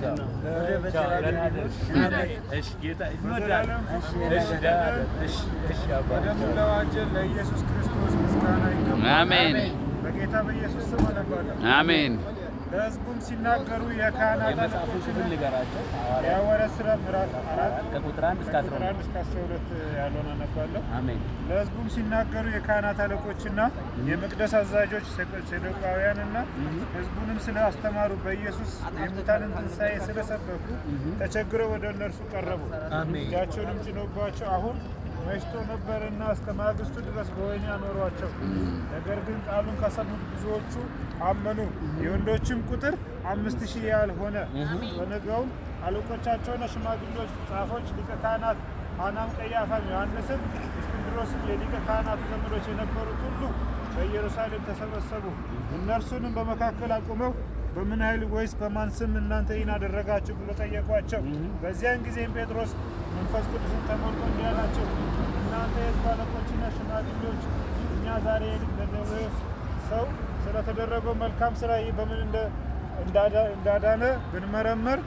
ለወንድማችን ለኢየሱስ ክርስቶስ አሜን። በጌታ በኢየሱስ ስም አሜን። ለሕዝቡም ሲናገሩ የካህናት አለቆች የሐዋርያት ሥራ ምዕራፍ አራት ከቁጥር አንድ እስከ አስራ ሁለት ያለውን አነባለሁ። ለሕዝቡም ሲናገሩ የካህናት አለቆችና የመቅደስ አዛዦች ሰዱቃውያንና ሕዝቡንም ስለ አስተማሩ በኢየሱስ የሙታንን ትንሣኤ ስለሰበኩ ተቸግረው ወደ እነርሱ ቀረቡ። እጃቸውንም ጭኖባቸው አሁን መሽቶ ነበርና እስከ ማግስቱ ድረስ በወህኒ አኖሯቸው። ነገር ግን ቃሉን ከሰሙት ብዙዎቹ አመኑ። የወንዶችም ቁጥር አምስት ሺህ ያህል ሆነ። በነገውም አለቆቻቸውና ሽማግሌዎች፣ ጻፎች፣ ሊቀ ካህናት ሐናም፣ ቀያፋም፣ ዮሐንስም እስክንድሮስም የሊቀ ካህናቱ ዘመዶች የነበሩት ሁሉ በኢየሩሳሌም ተሰበሰቡ። እነርሱንም በመካከል አቁመው በምን ኃይል ወይስ በማን ስም እናንተ ይህን አደረጋችሁ ብሎ ጠየቋቸው። በዚያን ጊዜም ጴጥሮስ መንፈስ ቅዱስን ተሞልቶ እንዲያለ የመንግስት አለቆችና ሽማግሌዎች እኛ ዛሬ በደዌው ሰው ስለተደረገው መልካም ስራ በምን እንዳዳነ ብንመረምር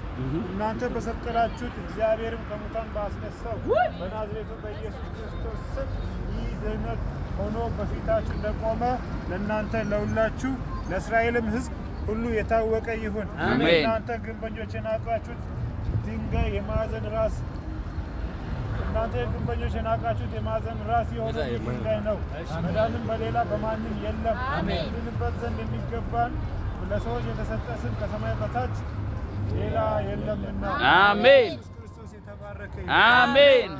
እናንተ በሰቀላችሁት እግዚአብሔርም ከሙታን ባስነሳው በናዝሬቱ በኢየሱስ ክርስቶስ ስም ይህ ድህነት ሆኖ በፊታችሁ እንደቆመ ለእናንተ ለሁላችሁ ለእስራኤልም ሕዝብ ሁሉ የታወቀ ይሁን። እናንተ ግንበኞች የናቃችሁት ድንጋይ የማዕዘን ራስ እናንተ የግንበኞች የናቃችሁት የማዕዘን ራስ የሆነ ድንጋይ ነው። መዳንም በሌላ በማንም የለም ልንበት ዘንድ የሚገባን ለሰዎች የተሰጠ ስም ከሰማይ በታች ሌላ የለምና። አሜን አሜን።